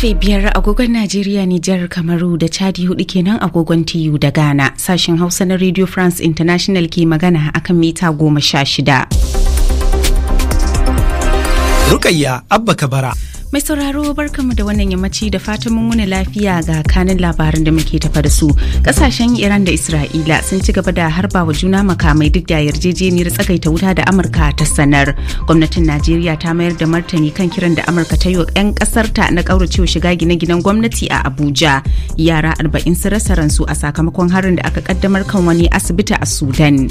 karfe biyar agogon Najeriya Nijar Kamaru da Chadi hudu kenan agogon TU da Ghana sashen Hausa na Radio France International ke magana akan mita goma sha shida. Rukayya Abba Kabara. Mai sauraro barkamu da wannan yammaci da fatan mun wuni lafiya ga kanin labarin da muke tafa da su. Kasashen Iran da Isra'ila sun ci gaba da harba wa juna makamai duk da yarjejeniyar tsagaita wuta da Amurka ta sanar. Gwamnatin Najeriya ta mayar da martani kan kiran da Amurka ta yi wa 'yan kasar ta na kauracewa shiga gine-ginen gwamnati a Abuja. Yara arba'in sun rasa ransu a sakamakon harin da aka kaddamar kan wani asibiti a Sudan.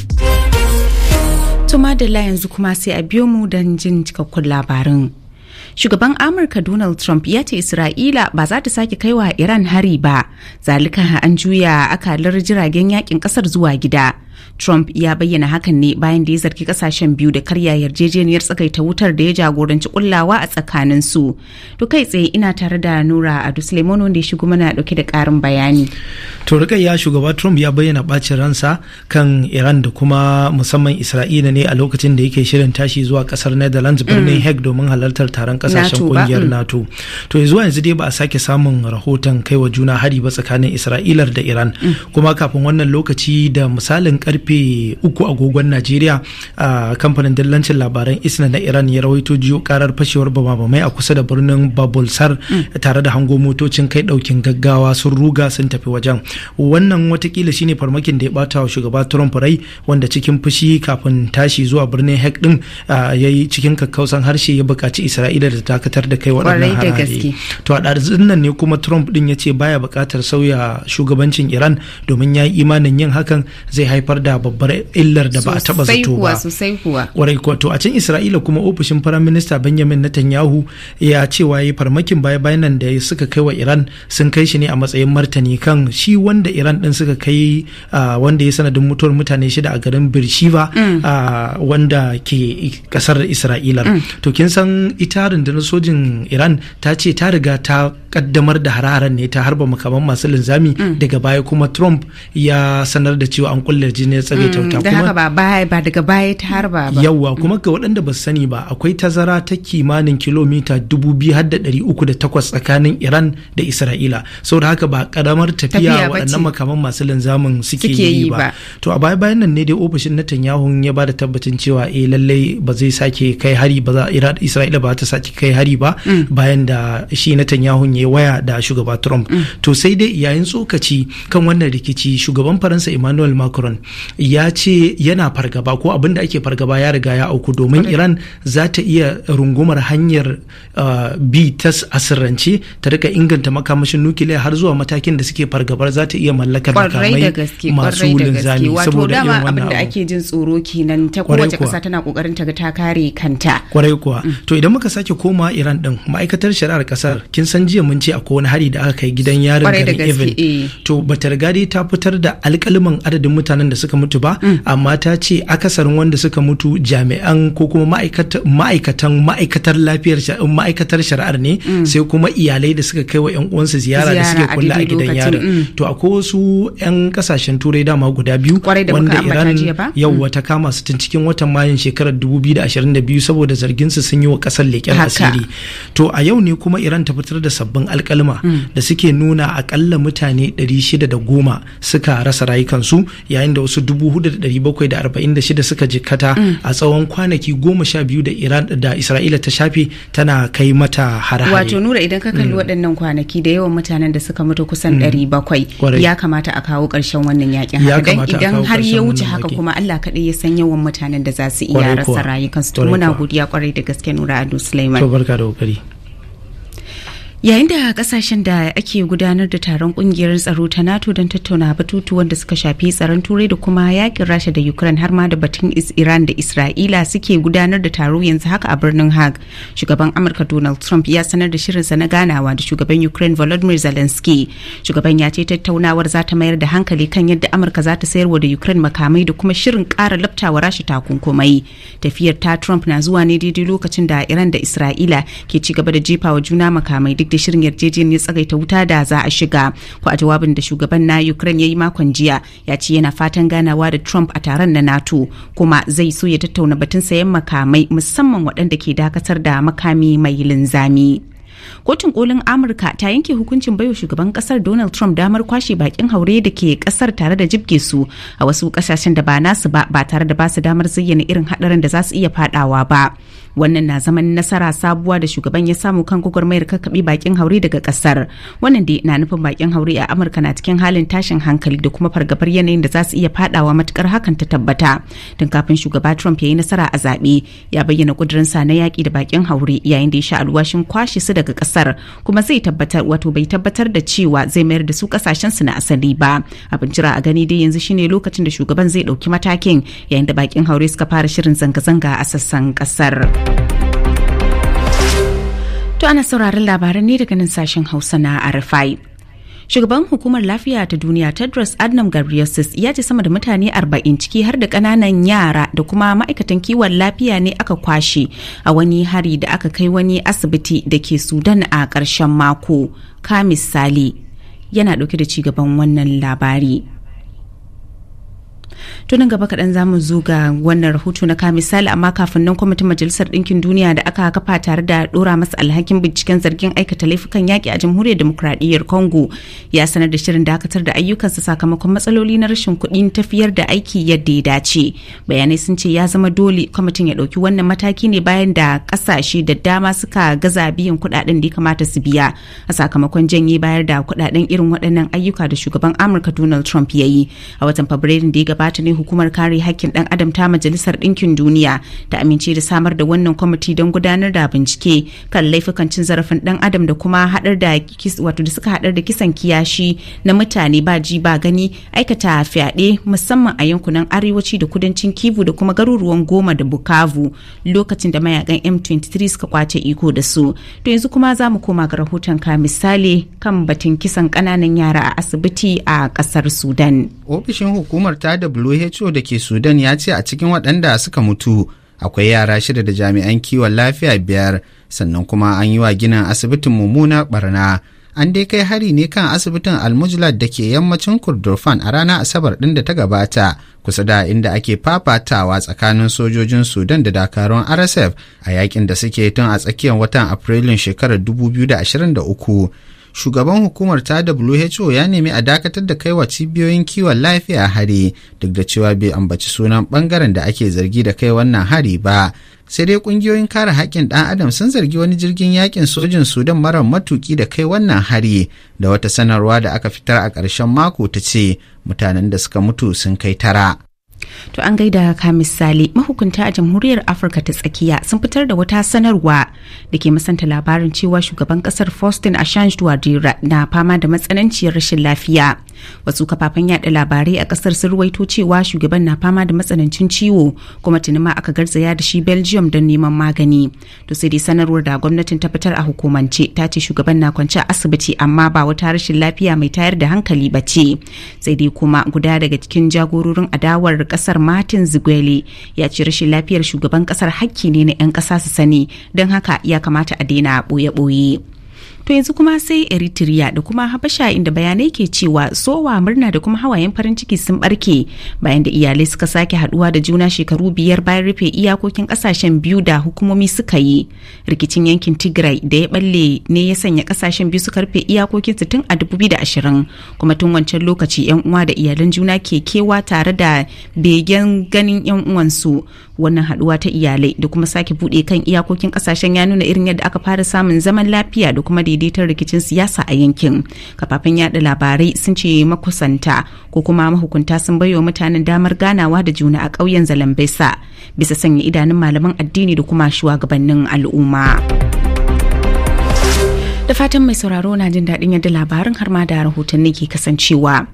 Tuma da yanzu kuma sai a biyo mu don jin cikakkun labarin. Shugaban Amurka Donald Trump ya ce Isra'ila ba za ta sake kaiwa Iran hari ba, zalika an juya akalar jiragen yakin kasar zuwa gida. Trump ya bayyana hakan ne bayan da ya zargi kasashen biyu da karya yarjejeniyar tsakaita wutar da ya jagoranci kullawa a tsakanin su. To kai tsaye ina tare da Nura a Suleiman wanda ya shigo mana dauke da karin bayani. To ya shugaba Trump ya bayyana bacin ransa kan Iran da kuma musamman Isra'ila ne a lokacin da yake shirin tashi zuwa kasar Netherlands mm. birnin Hague domin halartar taron kasashen kungiyar mm. NATO. To zuwa yanzu dai ba a sake samun rahoton kai wa juna hari ba tsakanin Isra'ilar da Iran. Mm. Kuma kafin wannan lokaci da misalin karfe uku agogon najeriya a kamfanin dillancin labaran isna na iran ya rawaito jiyo karar fashewar bamabamai a kusa da birnin babulsar tare da hango motocin kai daukin gaggawa sun ruga sun tafi wajen wannan watakila shine farmakin da ya bata wa shugaba trump rai wanda cikin fushi kafin tashi zuwa birnin hek din ya yi cikin kakkausan harshe ya buƙaci isra'ila da dakatar da kai waɗannan harare to a ɗarzin nan ne kuma trump din ya ce baya buƙatar sauya shugabancin iran domin ya yi imanin yin hakan zai haifar da babbar illar da ba a taba zato ba sosai kuwa kwarai kuwa to a can isra'ila kuma ofishin firayim minista benjamin netanyahu ya cewa ya farmakin baya bayan nan da suka kai wa iran sun kai shi ne a matsayin martani kan shi wanda iran din suka kai wanda ya sanadin mutuwar mutane shida a garin birshiva mm. wanda ke kasar isra'ila mm. to kin san ita rundunar sojin iran ta ce ta riga ta kaddamar da hararar ne ta harba makaman masu linzami mm. daga baya kuma Trump ya sanar da cewa an kulle ya tsare tauta mm, kuma haka ba baya ba daga baya ta harba ba yawa kuma mm. ga waɗanda ba sani ba akwai tazara ta kimanin kilomita dubu biyu har ɗari uku da takwas tsakanin Iran da Isra'ila saboda haka ba karamar tafiya waɗannan makaman masu linzamin suke yi ba to a baya bayan nan ne dai ofishin Netanyahu ya ba da tabbacin cewa eh lallai ba zai sake kai hari ba za Isra'ila ba ta sake kai hari ba bayan da shi Netanyahu ya waya da shugaba trump mm. to sai dai yayin tsokaci kan wannan rikici shugaban faransa emmanuel macron ya ce yana fargaba ko abin da ake fargaba ya riga ya auku domin iran za ta iya rungumar hanyar uh, bi ta asirance ta rika inganta makamashin nukiliya har zuwa matakin da suke fargabar za ta iya mallakar makamai masu linzami saboda irin wannan ake kwarai kuwa mm. to idan muka sake koma iran din ma'aikatar shari'ar kasar kin san jiya mun ce akwai wani hari da aka kai gidan yarin garin even eh. to bata riga dai ta fitar da alkaliman adadin mutanen da suka mutu ba mm. amma ta ce akasarin wanda suka mutu jami'an ko kuma ma'aikatan ma'aikatar lafiyar ma'aikatar shari'ar ne mm. sai kuma iyalai da suka kai wa 'yan uwansu ziyara da suke kulla a gidan yarin mm. to akwai wasu 'yan kasashen turai dama guda biyu wanda iran yawwa ta kama su tun cikin watan mayun shekarar 2022 saboda zargin su sun yi wa kasar leƙen asiri to a yau ne kuma iran ta fitar da sabbin sabbin alkalma mm. da suke nuna akalla mutane 610 suka rasa rayukansu yayin da wasu 4,746 suka jikkata mm. a tsawon kwanaki 12 da Iran da Isra'ila ta shafe tana kai mata hare Wato nura idan ka kalli mm. waɗannan kwanaki da yawan mutanen da suka mutu kusan 700 ya kamata a kawo ƙarshen wannan yakin idan har ya wuce haka kuma Allah kaɗai ya san yawan mutanen da za su iya rasa rayukansu muna godiya kwarai da gaske Nura Ado Sulaiman. barka da kokari. yayin da kasashen da ake gudanar da taron kungiyar tsaro ta nato don tattauna batutuwan da suka shafi tsaron turai da kuma yakin rasha da ukraine har ma da batun iran da isra'ila suke gudanar da taro yanzu haka a birnin hag shugaban amurka donald trump ya sanar da shirinsa na ganawa da shugaban ukraine volodymyr zelensky shugaban ya ce tattaunawar za ta mayar da hankali kan yadda amurka za ta sayarwa da ukraine makamai da kuma shirin kara laftawa rasha takunkumai tafiyar ta trump na zuwa ne daidai lokacin da iran da isra'ila ke ci gaba da jefawa juna makamai duk duk da shirin yarjejeniyar tsagaita wuta da za a shiga ko a jawabin da shugaban na ukraine ya yi makon jiya ya ce yana fatan ganawa da trump a taron na nato kuma zai so ya tattauna batun sayan makamai musamman waɗanda ke dakatar da makami mai linzami kotun kolin amurka ta yanke hukuncin baiwa shugaban kasar donald trump damar kwashe bakin haure da ke kasar tare da jibge su a wasu kasashen da ba nasu ba ba tare da ba su damar zayyana irin hadarin da za su iya fadawa ba wannan na zaman nasara sabuwa da shugaban ya samu kan gwagwarmayar kakkaɓe bakin hauri daga kasar wannan da na nufin bakin hauri a amurka na cikin halin tashin hankali da kuma fargabar yanayin da za su iya fadawa matukar hakan ta tabbata tun kafin shugaba trump ya yi nasara a zaɓe ya bayyana sa na yaƙi da bakin hauri yayin da ya sha alwashin kwashe su daga kasar kuma zai tabbatar wato bai tabbatar da cewa zai mayar da su kasashen su na asali ba abin jira a gani dai yanzu shine lokacin da shugaban zai ɗauki matakin yayin da bakin haure suka fara shirin zanga-zanga a sassan ƙasar To ana sauraron labaran ne daga nan sashen Hausa na Arifai. Shugaban hukumar lafiya ta duniya Tedros Adnam Ghebreyesus ya ce sama da mutane 40 ciki har da kananan yara da kuma ma'aikatan kiwon lafiya ne aka kwashe a wani hari da aka kai wani asibiti da ke Sudan a ƙarshen mako. Kamis Sale yana ɗauke da ci gaban wannan labari. nan gaba kaɗan za mu zo ga wannan rahoto na ka misali amma kafin nan kwamitin majalisar ɗinkin duniya da aka kafa tare da ɗora masa alhakin binciken zargin aikata laifukan yaƙi a jamhuriyar demokradiyyar congo ya sanar da shirin dakatar da ayyukansa sakamakon matsaloli na rashin kuɗin tafiyar da aiki yadda ya dace bayanai sun ce ya zama dole kwamitin ya ɗauki wannan mataki ne bayan da ƙasashe da dama suka gaza biyan kuɗaɗen da ya kamata su biya a sakamakon janye bayar da kuɗaɗen irin waɗannan ayyuka da shugaban amurka donald trump ya yi a watan fabrairun da ya gabata ne hukumar kare hakkin dan adam ta majalisar ɗinkin duniya ta amince da samar da wannan kwamiti don gudanar da bincike kan laifukan cin zarafin dan adam da kuma haɗar da wato da suka haɗar da kisan kiyashi na mutane ba ji ba gani aikata fyaɗe musamman a yankunan arewaci da kudancin kivu da kuma garuruwan goma da bukavu lokacin da mayakan m23 suka kwace iko da su to yanzu kuma za mu koma ga rahoton ka misali kan batun kisan kananan yara a asibiti a kasar sudan ofishin hukumar ta WHO da ke Sudan ya ce a cikin waɗanda suka mutu akwai yara shida da jami'an kiwon lafiya biyar sannan kuma an yi wa ginin asibitin mummuna barna. An dai kai hari ne kan asibitin Almujlad da ke yammacin Kurdurfan a ranar Asabar ɗin da ta gabata kusa da inda ake fafatawa tsakanin sojojin Sudan da dakarun RSF a yakin da suke tun a tsakiyar watan Afrilun shekarar 2023. shugaban hukumar ta who ya nemi a dakatar da kaiwa cibiyoyin kiwon lafiya hari duk da cewa bai ambaci sunan bangaren da ake zargi da kai wannan hari ba sai dai kungiyoyin kare haƙƙin ɗan adam sun zargi wani jirgin yakin sojin sudan mara matuki da kai wannan hari da wata sanarwa da aka fitar a ƙarshen mako ta ce mutanen da suka mutu sun kai tara To an gaida ka misali mahukunta a jamhuriyar Afirka ta tsakiya sun fitar da wata sanarwa da ke masanta labarin cewa shugaban kasar Faustin a Touadera na fama da matsananciyar rashin lafiya. Wasu kafafen yada labarai a kasar sun ruwaito cewa shugaban na fama da matsanancin ciwo kuma tunima aka garzaya da shi Belgium don neman magani. To sai dai sanarwar da gwamnatin ta fitar a hukumance ta ce shugaban na kwance a asibiti amma ba wata rashin lafiya mai tayar da hankali ba ce. Sai dai kuma guda daga cikin jagororin adawar kasar martin zigueli ya ce rashin lafiyar shugaban kasar hakki ne na 'yan kasa su sani don haka ya kamata a daina boye-boye to yanzu kuma sai eritrea da kuma habasha inda bayanai ke cewa sowa murna da kuma hawayen farin ciki sun barke bayan da iyalai suka sake haduwa da juna shekaru biyar bayan rufe iyakokin kasashen biyu da hukumomi suka yi rikicin yankin tigray da ya balle ne ya sanya kasashen biyu suka rufe iyakokin su tun a 2020 kuma tun wancan lokaci yan uwa da iyalan juna ke kewa tare da begen ganin yan uwansu wannan haduwa ta iyalai da kuma sake bude kan iyakokin kasashen ya nuna irin yadda aka fara samun zaman lafiya da kuma daidaitar rikicin siyasa a yankin kafafen yada labarai sun ce makusanta ko kuma mahukunta sun baiwa mutanen damar ganawa da juna a ƙauyen zalambesa bisa sanya idanun malaman addini da kuma shugabannin al'umma. da fatan mai sauraro na jin daɗin yadda labarin har ma da rahotanni ke kasancewa.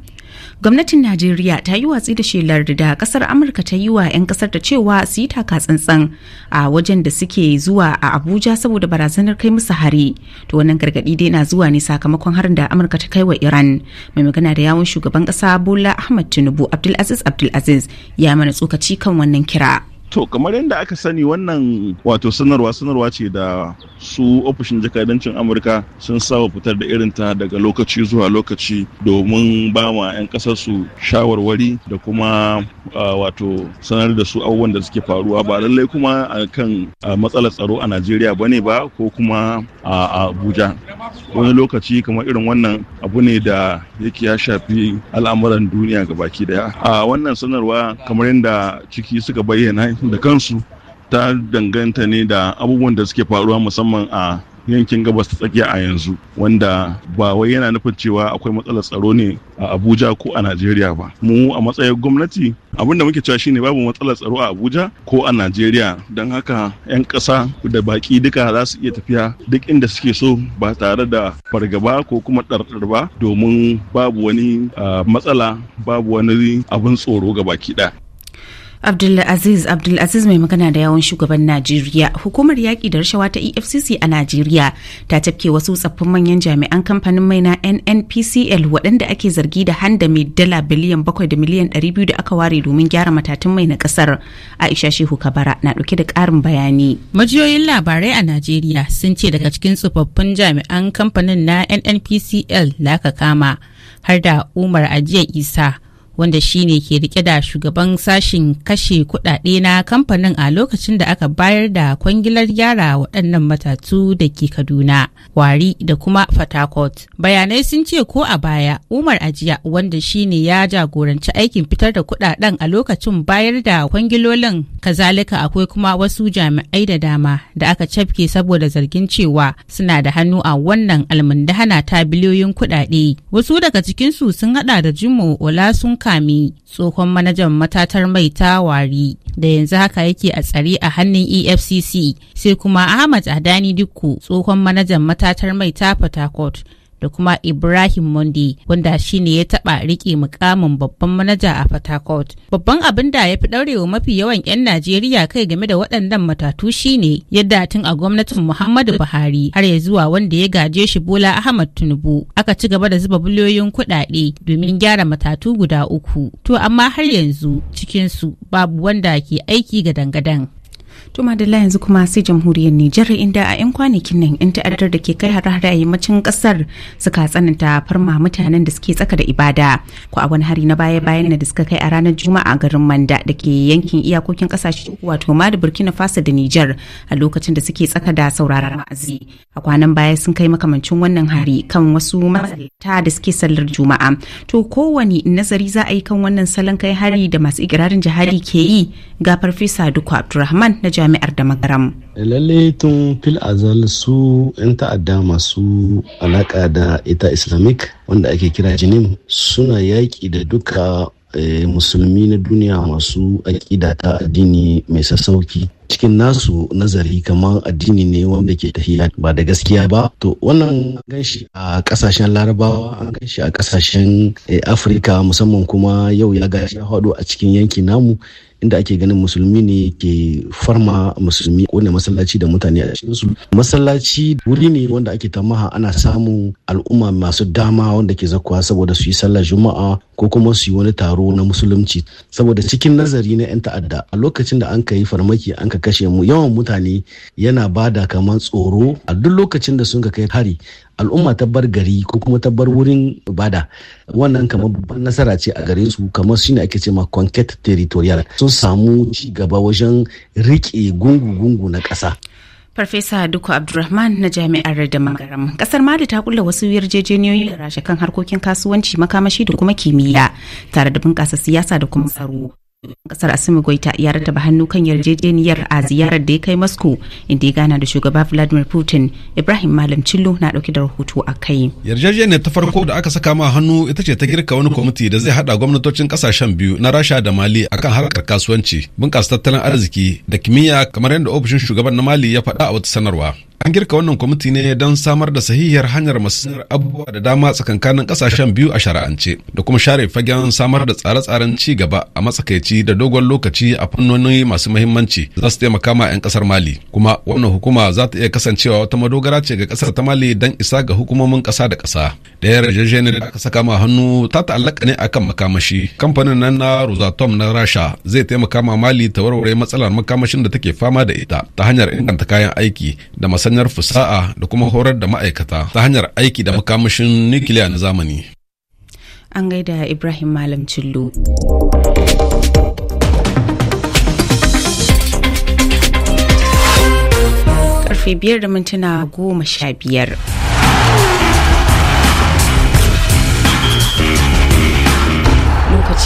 gwamnatin najeriya ta yi watsi da shelar da kasar amurka ta yi wa 'yan kasar ta cewa su yi taka tsantsan a wajen da suke zuwa a abuja saboda barazanar kai musu hari to wannan gargadi dai na zuwa ne sakamakon harin da amurka ta kai wa iran mai magana da yawun shugaban kasa bola ahmad tinubu abdulaziz abdulaziz ya mana tsokaci kan wannan kira To kamar yadda aka sani wannan wato sanarwa sanarwa ce da su ofishin jakadancin Amurka sun saba fitar da irin ta daga lokaci zuwa lokaci domin ba ma 'yan ƙasar su shawarwari da kuma wato sanar da su abubuwan da suke faruwa ba lallai kuma a kan matsalar tsaro a Najeriya ba ne ba ko kuma a Abuja. Wani lokaci kamar irin wannan abu ne da yake ya shafi al'amuran duniya baki daya. A wannan sanarwa kamar yadda ciki suka bayyana da kansu ta danganta ne da abubuwan da suke faruwa musamman a yankin gabas ta tsakiya a yanzu wanda ba wai yana nufin cewa akwai matsalar tsaro ne a abuja ko a najeriya ba mu a matsayin gwamnati abinda muke cewa shine babu matsalar tsaro a abuja ko a najeriya don haka 'yan ƙasa da baki duka za su iya tafiya duk inda suke so ba tare da fargaba ko kuma ɗarɗar ba domin babu wani ah, matsala babu wani abin tsoro ga baki ɗaya Abdulaziz Abdulaziz mai magana da yawon shugaban Najeriya hukumar yaƙi da rashawa ta EFCC a Najeriya ta tafke wasu tsaffin manyan jami'an kamfanin mai na NNPCL waɗanda ake zargi da handa mai dala biliyan bakwai da miliyan ɗari biyu da aka ware domin gyara matatun mai na ƙasar Aisha Shehu Kabara na ɗauke da ƙarin bayani. Majiyoyin labarai a Najeriya sun ce daga cikin tsofaffin jami'an kamfanin na NNPCL da aka kama har da Umar Ajiya Isa wanda shine ke rike da shugaban sashen kashe kudade na kamfanin a lokacin da aka bayar da kwangilar gyara waɗannan matatu da ke kaduna wari da kuma fatakot bayanai sun ce ko a baya umar ajiya wanda shine ya jagoranci aikin fitar da kudaden a lokacin bayar da kwangilolin kazalika akwai kuma wasu jami'ai da dama da aka cafke saboda zargin cewa suna da hannu a wannan almundahana ta biliyoyin kudade wasu daga cikinsu sun hada da jimo olasun Makami tsohon manajan matatar mai ta wari da yanzu haka yake a tsare a hannun EFCC sai kuma Ahmad Adani Dikko tsohon manajan matatar mai ta Port da kuma Ibrahim Monde wanda shine ya taɓa riƙe mukamin babban manaja a Fatakot. Babban abin da ya fi ɗaurewa mafi yawan 'yan Najeriya kai game da waɗannan matatu shine yadda tun a gwamnatin Muhammadu Buhari har ya zuwa wanda ya gaje shi Bola Ahmad Tinubu aka ci gaba da zuba biliyoyin kuɗaɗe domin gyara matatu guda uku. To amma har yanzu cikin su babu wanda ke aiki ga dangadan. To Madalla yanzu kuma sai jamhuriyar Nijar inda a 'yan kwanakin nan 'yan ta'addar da ke kai har hare yammacin kasar suka tsananta farma mutanen da suke tsaka da ibada. Ko a wani hari na baya-bayan da suka kai a ranar Juma'a garin Manda da ke yankin iyakokin kasashe wato ma da Burkina Faso da Nijar a lokacin da suke tsaka da sauraron ma'azi. A kwanan baya sun kai makamancin wannan hari kan wasu matsalata da suke sallar Juma'a. To kowani nazari za a yi kan wannan salon kai hari da masu ikirarin jihadi ke yi ga Farfesa Duku Abdulrahman na jami'ar da magaram. lalle tun fil azal su 'yan ta'adda masu alaka da ita islamic wanda ake kira jinin suna yaƙi da duka eh, musulmi na duniya masu aƙida ta addini mai sassauki cikin nasu nazari kamar addini ne wanda ke tafiya ba da gaskiya ba to wannan ganshi a kasashen larabawa an ganshi a kasashen eh, afirka musamman kuma yau ya gashi haɗu a cikin yankin namu inda ake ganin musulmi ne ke farma musulmi Ko ne masallaci da mutane a cikin su masallaci wuri ne wanda ake tamaha ana samun al'umma masu dama wanda ke zakuwa saboda su yi sallar juma'a ko kuma su yi wani taro na musulunci saboda cikin nazari na 'yan ta'adda a lokacin da an ka farmaki an ka kashe mu yawan mutane yana bada kamar tsoro a duk lokacin da sun ka kai hari al'umma ta bar gari ko kuma ta bar wurin ibada wannan kamar babban nasara ce a gare su kamar shine ake cewa conquest territorial sun samu ci gaba wajen rike gungu-gungu na ƙasa. Farfesa Duku Abdulrahman na Jami'ar da Magaram. Kasar Mali ta kulla wasu yarjejeniyoyi da rashe kan harkokin kasuwanci makamashi da kuma kimiyya tare da bunƙasa siyasa da kuma tsaro. kasar asimi goita ya rataba hannu kan yarjejeniyar a ziyarar da ya kai moscow inda ya gana da shugaba vladimir putin ibrahim malam cillo na dauke da rahoto a kai yarjejeniyar ta farko da aka saka ma hannu ita ce ta girka wani kwamiti da zai hada gwamnatocin kasashen biyu na rasha da mali akan harkar kasuwanci bunkasa tattalin arziki da kimiyya kamar yadda ofishin shugaban na mali ya faɗa a wata sanarwa an girka wannan kwamiti ne don samar da sahihiyar hanyar masarar abubuwa da dama tsakankanin kasashen biyu a shari'ance da kuma share fagen samar da tsare-tsaren ci gaba a matsakaici da dogon lokaci a fannoni masu muhimmanci za su taimaka ma 'yan kasar mali kuma wannan hukuma za ta iya kasancewa wata madogara ce ga kasar ta mali don isa ga hukumomin kasa da kasa ɗaya yarjejeniyar da aka saka ma hannu ta ta'allaka ne akan makamashi kamfanin nan na rosatom na rasha zai taimaka ma mali ta warware matsalar makamashin da take fama da ita ta hanyar inganta kayan aiki da masanyar fusa'a da kuma horar da ma'aikata ta hanyar aiki da makamashin nukiliya na zamani an gaida ibrahim malam cillo karfe biyar da mintuna goma sha biyar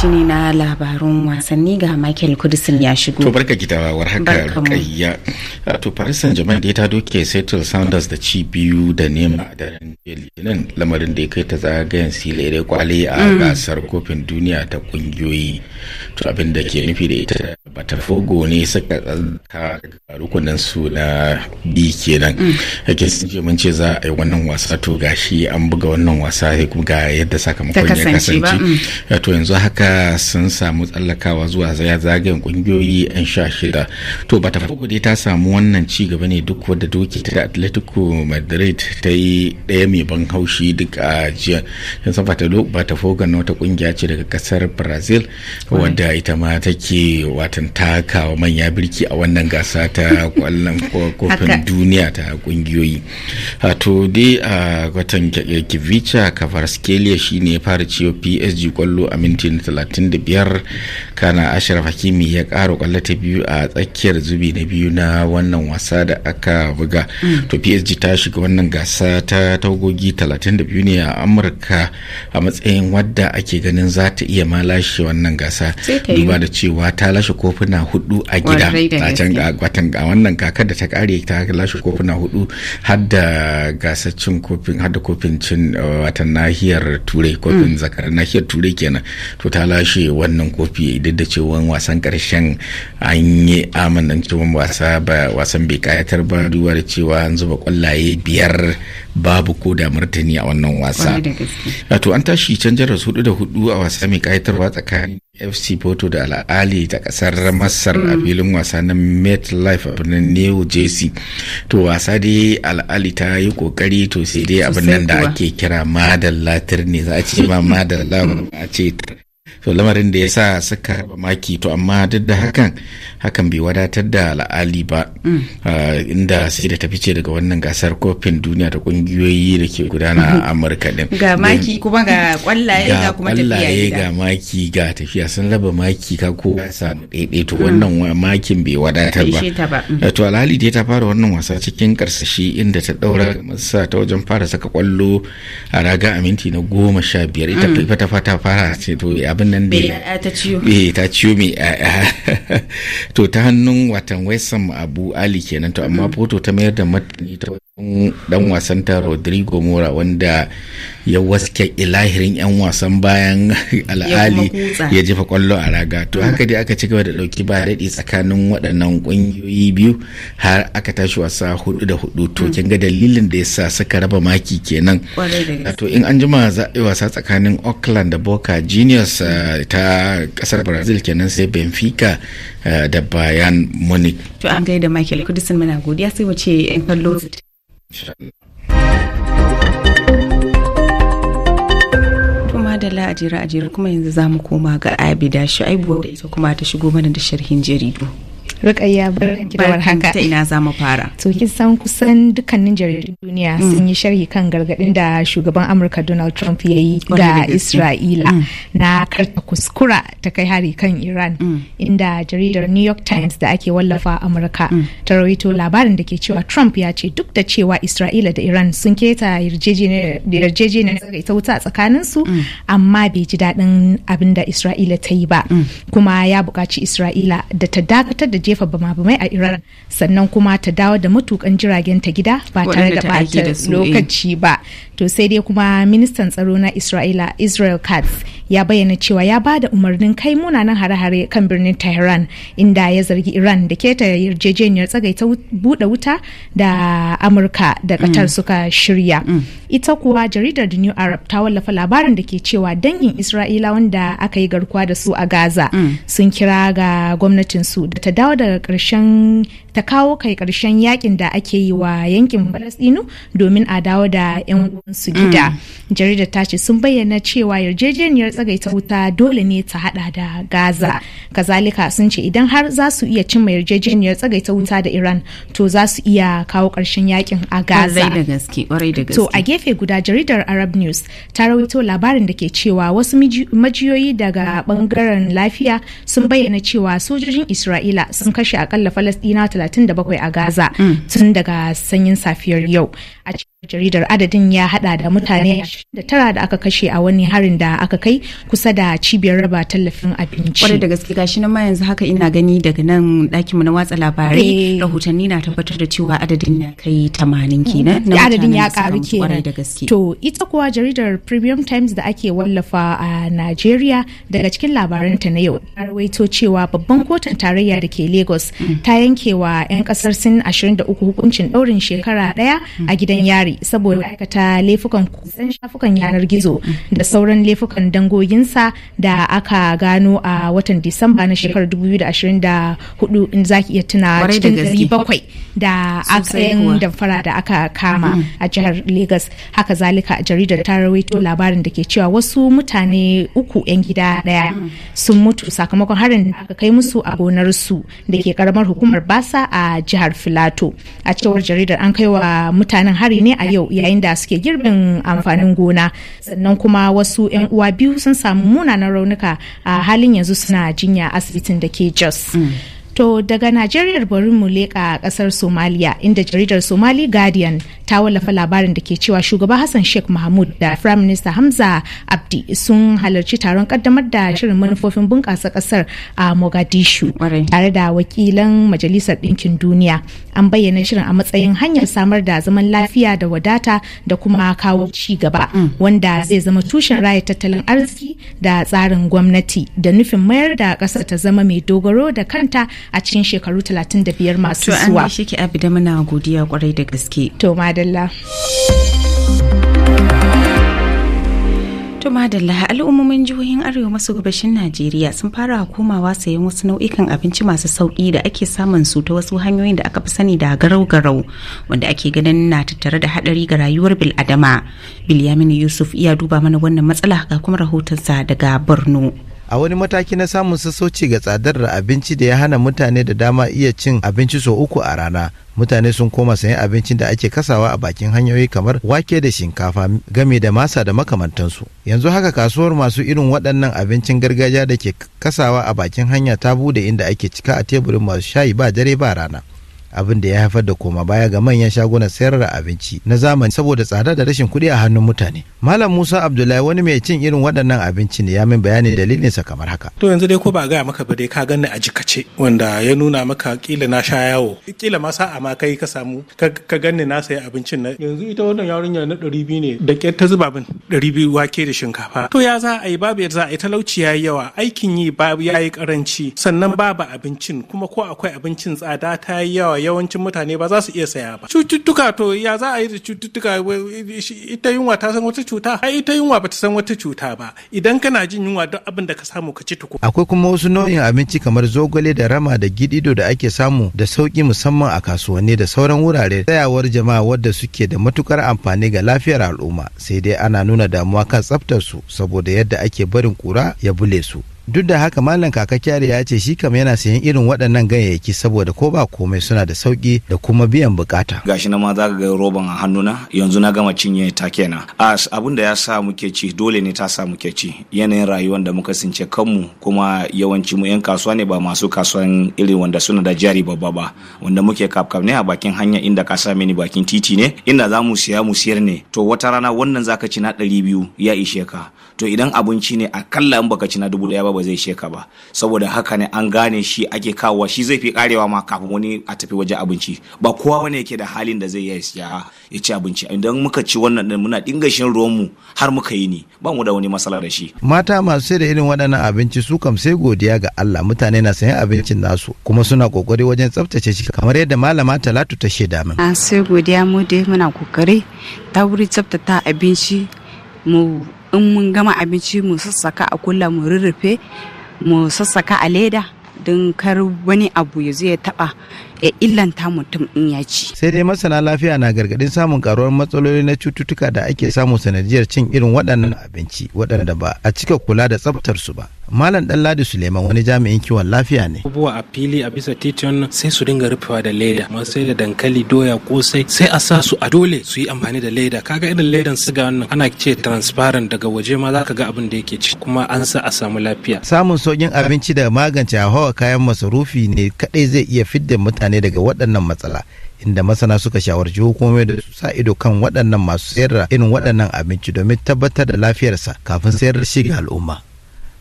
lokaci ne na labarun wasanni ga Michael Kudisin ya shigo. To barka gida war haka rukayya. Ah, to Paris Saint-Germain dai ta doke Seattle Sounders da ci biyu da nema da Litinin lamarin da ya kai ta zagayen silere kwale a mm. gasar kofin duniya ta kungiyoyi. To abin da ke nufi da ita fogo ne suka tsaka rukunan su na bi kenan. Mm. Yake sun ce mun ce za a yi wannan wasa to gashi an buga wannan wasa ga yadda sakamakon ya kasance. Mm. Ah, to yanzu haka ta sun samu tsallakawa zuwa zagayen kungiyoyi 'yan sha shida to ba ta dai ta samu wannan ci gaba ne duk wadda doki ta atletico madrid ta yi ɗaya mai ban haushi duk a jiya yan san ba ta na wata kungiya ce daga kasar brazil wadda ita ma take watan takawa manya birki a wannan gasa ta kwallon kofin duniya ta kungiyoyi to dai a watan kivica kafar skelia shine ya fara ciwo psg kwallo a minti na 35 kana ashraf hakimi ya karo kwallo ta biyu a tsakiyar zubi na biyu na wannan wasa da aka buga mm. to psg ta shiga wannan gasa ta tagogi 32 ne a amurka a matsayin wadda ake ganin za ta iya ma lashe wannan gasa duba da cewa ta lashe kofuna hudu a gida a can ga wannan kakar da ta kare ta lashe kofuna hudu har da gasar cin kofin har da kofin cin uh, watan nahiyar turai kofin mm. zakar nahiyar turai kenan to ta lashe wannan kofi duk da cewa wasan karshen an yi amanan cewa wasa ba wasan bai kayatar ba duba da cewa an zuba kwallaye biyar babu ko da martani a wannan wasa wato an tashi canjar hudu da hudu a wasa mai kayatarwa tsakanin fc porto da al'ali ta kasar masar a mm. filin wasa na metlife a birnin new jersey to wasa dai al'ali ta yi kokari to sai dai abin nan da ake kira madalla ne za a ce ma madalla a ce to lamarin da ya sa suka maki to amma duk da hakan hakan bai wadatar da al'ali ba mm. ah, inda sai da ta fice daga wannan gasar kofin duniya da kungiyoyi da ke gudana a amurka din ga maki kuma ga kwallaye ga kuma tafiya ga maki ga tafiya sun raba maki ka ko sa daidai to mm. wannan makin bai wadatar ba mm. eh, to al'ali dai ta fara wannan wasa cikin karsashi inda ta daura masa ta wajen fara saka kwallo a raga a minti na goma sha biyar ita ta fara ce to abin nan ne eh, ta ciyo eh ta ciyo to ta hannun watan waisam abu ali kenan to amma mm-hmm. foto ta mayar da martani dan wasan ta Rodrigo Mora wanda ya waske ilahirin 'yan wasan bayan al'ali ya jefa kwallo a raga to haka dai aka ci gaba da dauki ba daɗi tsakanin waɗannan ƙungiyoyi biyu har aka tashi wasa hudu da hudu to hmm. kin ga dalilin da yasa suka raba maki kenan to in an jima za a yi wasa tsakanin Auckland da Boca Juniors eh, ta kasar Brazil kenan sai Benfica eh, da bayan Munich to an gaida Michael Kudisin muna godiya sai mu ce in kallo madalla a jira a kuma yanzu za mu koma ga abida shu'aibu da ita kuma ta shigo mana da sharhin jaridu Rukayya barkan ki da Ta ina za mu fara. To kin san kusan dukkanin jaridun duniya sun mm. yi sharhi kan gargadin da shugaban Amurka Donald Trump ya yi ga Isra'ila mm. na karta kuskura ta kai hari kan Iran mm. inda jaridar New York Times da ake wallafa Amurka ta rawaito labarin da ke cewa Trump ya ce duk da cewa Isra'ila da Iran sun keta yarjejeniyar ta wuta tsakanin su amma bai ji daɗin abin da Isra'ila ta yi ba kuma ya buƙaci Isra'ila da ta dakatar da jefa bama-bamai a iran sannan kuma ta dawo da matukan jiragen ta gida ba tare da bata eh. lokaci ba to sai dai kuma ministan tsaro na isra'ila israel katz ya bayyana cewa ya ba da umarnin kai munanan hare-hare kan birnin Tehran inda ya zargi Iran da keta yarjejeniyar tsagaita buɗe wuta da Amurka da Qatar mm. suka shirya. Mm. Ita kuwa jaridar The New Arab ta wallafa labarin da ke cewa dangin Isra'ila wanda aka yi garkuwa da su a Gaza mm. sun kira ga gwamnatin su da ta dawo daga karshen. ta kawo kai ƙarshen yakin da ake yi wa yankin falasɗinu domin a dawo da 'yan uwansu gida mm. jaridar ta ce sun bayyana cewa yarjejeniyar tsagaita wuta dole ne ta hada da gaza kazalika sun ce idan har za su iya cimma yarjejeniyar tsagaita wuta da iran to za su iya kawo ƙarshen yakin a gaza to a gefe guda jaridar arab news ta rawaito labarin da ke cewa wasu majiyoyi daga bangaren lafiya sun bayyana cewa sojojin isra'ila sun kashe akalla falasɗina 37 a Gaza mm. tun daga sanyin safiyar yau. jaridar adadin ya hada da mutane da tara da aka kashe a wani harin da aka kai kusa da cibiyar raba tallafin abinci. Kwarai da gaske gashi nan ma yanzu haka ina gani daga nan ɗakin mu na watsa labarai eh. rahotanni na tabbatar da cewa adadin ya kai 80 kenan. Da adadin ya karu kenan. da gaske. To ita kuwa jaridar Premium Times da ake wallafa a Najeriya daga cikin labaranta na yau ta rawaito cewa babban kotun tarayya da ke Lagos mm. ta yankewa wa 'yan kasar Sin 23 hukuncin ɗaurin shekara ɗaya a gidan yari. saboda aikata laifukan kusan shafukan yanar gizo da sauran laifukan dangoginsa da aka gano a watan Disamba na shekarar 2024 in zaki iya tuna cikin bakwai da aka damfara da aka kama mm-hmm. a jihar Legas haka zalika jaridar ta rawaito labarin da ke cewa wasu mutane uku 'yan gida daya mm-hmm. sun mutu sakamakon harin da aka kai musu a gonar su da ke karamar hukumar basa a jihar Filato a cewar jaridar an kai wa mutanen hari ne a yau yayin da suke girbin amfanin gona sannan kuma wasu 'yan uwa biyu sun samu munanan raunuka a halin yanzu suna jinya asibitin da ke jos. Mm. To daga Najeriya bari mu leƙa ƙasar Somaliya inda jaridar Somali Guardian ta wallafa labarin da ke cewa shugaba Hassan Sheikh Mahmud da Prime Minister Hamza Abdi sun halarci taron kaddamar da shirin manufofin bunƙasa ƙasar a Mogadishu tare da wakilan Majalisar Ɗinkin Duniya. An bayyana shirin a matsayin hanyar samar da zaman lafiya da wadata da kuma kawo ci gaba mm. wanda zai zama tushen raya tattalin arziki da tsarin gwamnati da nufin mayar da ƙasa ta zama mai dogaro da kanta a cikin shekaru 35 masu zuwa. To an shi da muna godiya kwarai da gaske. To madalla. To madalla al'ummomin jihohin arewa maso gabashin Najeriya sun fara komawa sayan wasu nau'ikan abinci masu sauƙi da ake samun su ta wasu hanyoyin da aka fi sani da garau-garau wanda ake ganin na tattare da haɗari ga rayuwar bil'adama. Bilyamin Yusuf iya duba mana wannan matsala ga kuma rahotonsa daga Borno. a wani mataki na samun sassauci ga tsadar da abinci da ya hana mutane da dama iya cin abinci sau uku a rana mutane sun koma sayan abincin da ake kasawa a bakin hanyoyi kamar wake da shinkafa game da masa da makamantansu yanzu haka kasuwar masu irin waɗannan abincin gargajiya da ke kasawa a bakin hanya ta bude inda ake cika a teburin masu shayi ba dare ba rana abin da ya haifar da koma baya ga manyan shagunan sayar da abinci na zamani saboda tsada da rashin kuɗi a hannun mutane. Malam Musa Abdullahi wani mai cin irin waɗannan abinci ne ya min bayani dalilinsa kamar haka. To yanzu dai ko ba gaya maka ba dai ka ganni a jikace wanda ya nuna maka kila na sha yawo kila ma sa'a ma kai ka samu ka ganni na sayi abincin na yanzu ita wannan yarinya na ɗari biyu ne da ƙyar ta zuba min ɗari biyu wake da shinkafa. To ya za a yi babu yadda za a yi talauci ya yi yawa aikin yi babu ya yi ƙaranci sannan babu abincin kuma ko akwai abincin tsada ta yi yawa yawancin mutane ba za su iya saya ba cututtuka to ya za a yi da cututtuka ita yunwa ta san wata cuta ai ita yunwa ba ta san wata cuta ba idan kana jin yunwa duk abin da ka samu ka ci tuku akwai kuma wasu nau'in abinci kamar zogale da rama da gidido da ake samu da sauki musamman a kasuwanni da sauran wurare tsayawar jama'a wadda suke da matukar amfani ga lafiyar al'umma sai dai ana nuna damuwa kan tsaftar su saboda yadda ake barin kura ya bule su duk da haka malam kaka kyare ya ce shi kam yana sayan irin waɗannan ganyayyaki saboda ko ba komai suna da sauki da kuma biyan bukata gashi na ma zaka ga roban a hannuna yanzu na gama cinye ta kenan as abin da ya sa muke ci dole ne ta sa muke ci yanayin rayuwar da muka since kanmu kuma yawanci mu yan kasuwa ne ba masu kasuwan irin wanda suna da jari babba ba wanda muke kafkaf ne a bakin hanya inda ka sa mini bakin titi ne inda zamu siya mu siyar ne to wata rana wannan zaka ci na ɗari biyu ya ishe ka to idan abinci ne akalla in baka ci na dubu daya ba ba zai sheka ba saboda haka ne an gane shi ake kawowa shi zai fi karewa ma kafin wani a tafi waje abinci ba kowa bane yake da halin da zai ya ya ci abinci idan muka ci wannan din muna dinga shin mu har muka yi ni ba mu da wani matsala da shi mata masu sai da irin waɗannan abinci su kam sai godiya ga Allah mutane na sayan abincin nasu kuma suna kokari wajen tsaftace shi kamar yadda malama Talatu ta shaida min a sai godiya mu dai muna kokari ta wuri tsaftace abinci mu in mun gama abinci mu sassaka a kula mu rurrufe mu sassaka a leda don kar wani abu ya zai taba ya illanta mutum in ya ci. Sai dai masana lafiya na gargadin samun karuwar matsaloli na cututtuka da ake samu sanadiyar cin irin waɗannan abinci waɗanda ba a cika kula da tsaftar su ba. Malam Ladi Suleiman wani jami'in kiwon lafiya ne. Abubuwa a fili a bisa titin sai su dinga rufewa da leda, masu sai da dankali doya kosai sai a sa su a dole su yi amfani da leda. Kaga irin ledan siga wannan ana ce transparent daga waje ma za ka ga abin da yake ci kuma an sa a samu lafiya. Samun sauƙin abinci da magance hawa kayan masarufi ne kaɗai zai iya fidda mutane mutane daga waɗannan matsala inda masana suka shawarci hukumomi da su sa ido kan waɗannan masu sayar da irin waɗannan abinci domin tabbatar da lafiyarsa kafin sayar da shi ga al'umma.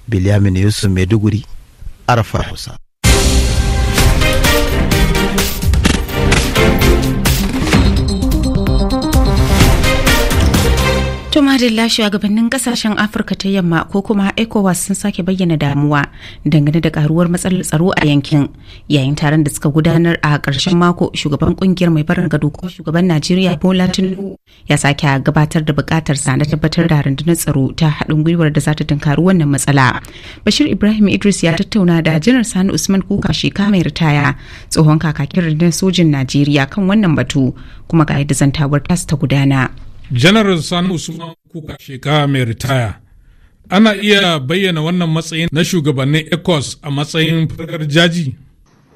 Bilyamin Yusuf Maiduguri, Arfa Hausa. To madalla shugabannin kasashen Afirka ta yamma ko kuma ECOWAS sun sake bayyana damuwa dangane da karuwar matsalar tsaro a yankin. Yayin taron da suka gudanar a karshen mako shugaban kungiyar mai barin gado ko shugaban Najeriya Bola Tinubu ya sake gabatar da bukatar sa na tabbatar da rundunar tsaro ta haɗin gwiwar da za ta tunkari wannan matsala. Bashir Ibrahim Idris ya tattauna da Janar Sani Usman Kuka Sheka mai ritaya tsohon kakakin rundunar sojin Najeriya kan wannan batu kuma ga yadda zantawar tas ta gudana. Janaral Sani Usman Kuka shekara mai ritaya. Ana iya bayyana wannan matsayin na shugabannin ECOS a matsayin farkar jaji?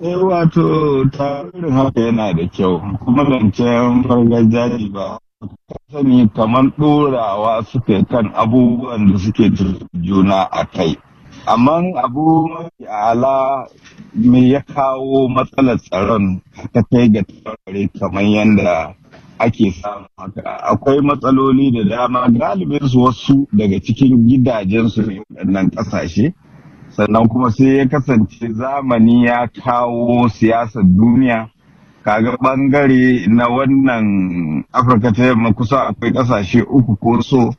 Eh, wato tarihin haka yana da kyau, kuma zancen farkar jaji ba. Sani kamar dorawa suke kan abubuwan da suke juna a kai. amma abu mafi ala me ya kawo matsalar tsaron ta kai ga tsarare kamar yadda ake samu haka akwai matsaloli da dama galibin su wasu daga cikin gidajensu ne waɗannan ƙasashe sannan kuma sai ya kasance zamani ya kawo siyasar duniya kaga ɓangare na wannan afirka ta yamma kusa akwai ƙasashe uku ko so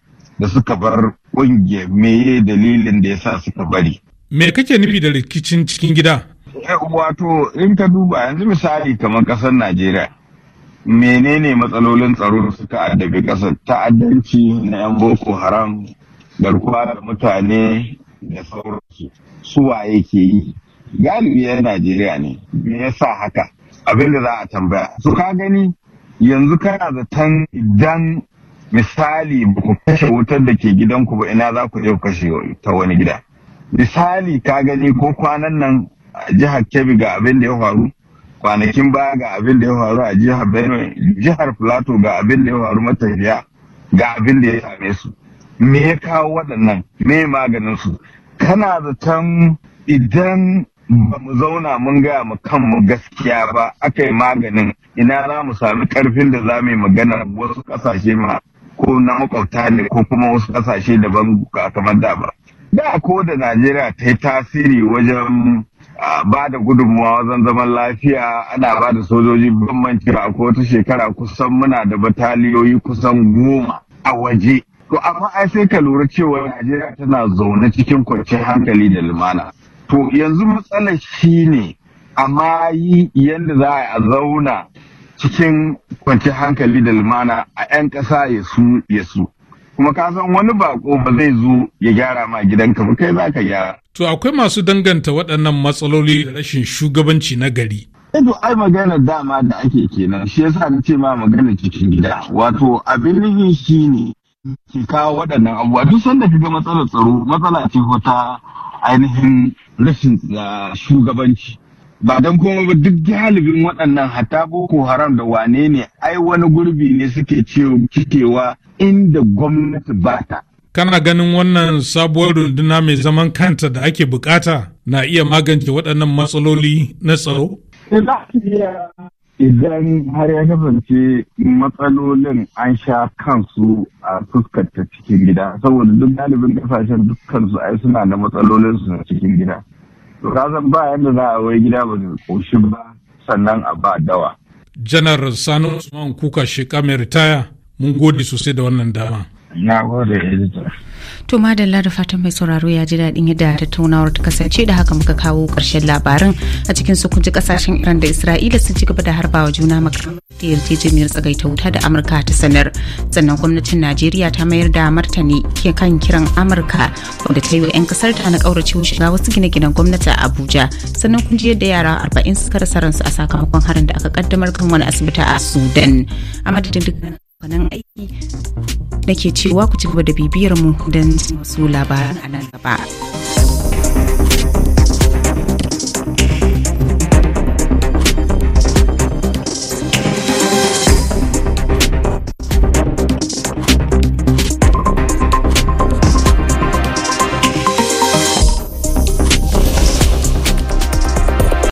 da suka bar ƙungiyar meye dalilin da yasa suka bari. Me kake nufi da rikicin cikin gida? Eh, wato in ka duba yanzu misali kamar ƙasar Najeriya. Menene matsalolin tsaro suka addabi ƙasar ta'addanci na 'yan Boko Haram garkuwa da mutane da sauransu Su waye ke yi. Galibi 'yan Najeriya ne, me yasa haka? Abin da za a tambaya. Su ka gani yanzu kana zaton idan misali ba ku kashe wutar da ke gidanku ba ina za ku iya kashe ta wani gida misali ka gani ko kwanan nan a jihar kebbi ga abin da ya faru kwanakin baya ga abin da ya faru a jihar benue jihar plateau ga abin da ya faru matafiya ga abin da ya same su me ya kawo waɗannan me maganin su kana zaton idan ba mu zauna mun gaya mu kanmu gaskiya ba aka yi maganin ina za mu sami karfin da za mu yi magana wasu kasashe ma ko na makwabta ne ko kuma wasu kasashe daban kamar da ba da ko da najeriya ta yi tasiri wajen ba da gudunmawa wajen zaman lafiya ana ba da sojoji bambanci a wata shekara kusan muna da bataliyoyi kusan goma a waje to amma ai sai ka lura cewa najeriya tana zaune cikin kwanciyar hankali da lumana to yanzu matsalar shi ne amma yi yadda za a zauna cikin kwanci hankali da lumana a 'yan ƙasa ya su ya su kuma ka san wani bako ba zai zo ya gyara ma gidanka ba kai za ka gyara. To akwai masu danganta waɗannan matsaloli da rashin shugabanci na gari. Ido eh ai magana dama da ake kenan shi yasa na ce ma magana cikin gida wato abin nufin shi ne ke kawo waɗannan abubuwa duk sanda ka ga matsalar tsaro matsala ce ko ta ainihin rashin ah, shugabanci. ba don kuma ba duk galibin waɗannan hata boko haram da wane ne ai wani gurbi ne suke cikewa inda gwamnati ba ta. Kana ganin wannan sabuwar runduna mai zaman kanta da ake bukata na iya magance waɗannan matsaloli na tsaro? Eh, idan har ya kasance matsalolin an sha kansu a fuskar ta cikin gida, saboda duk galibin kasashen dukkansu ai suna da matsalolinsu cikin gida. to kasan ba yadda za a wai gida ba koshi ba sannan a ba dawa janar sani usman kuka sheka mai ritaya mun gode sosai da wannan dama na gode editor To madalla da fatan mai sauraro ya ji daɗin yadda tattaunawar ta kasance da haka muka kawo ƙarshen labarin a cikin su kunji ƙasashen Iran da Isra'ila sun ci gaba da harbawa juna makarantar yarjejeniyar tsagaita wuta da Amurka ta sanar. Sannan gwamnatin Najeriya ta mayar da martani ke kan kiran Amurka wanda ta yi wa 'yan kasar ta na ƙaurace shiga wasu gine-ginen gwamnati a Abuja. Sannan kun ji yadda yara arba'in suka rasa ransu a sakamakon harin da aka kaddamar kan wani asibiti a Sudan. A madadin dukkan abokanan aiki da ke cewa ku ci gaba da bibiyar mu don wasu labaran a nan gaba.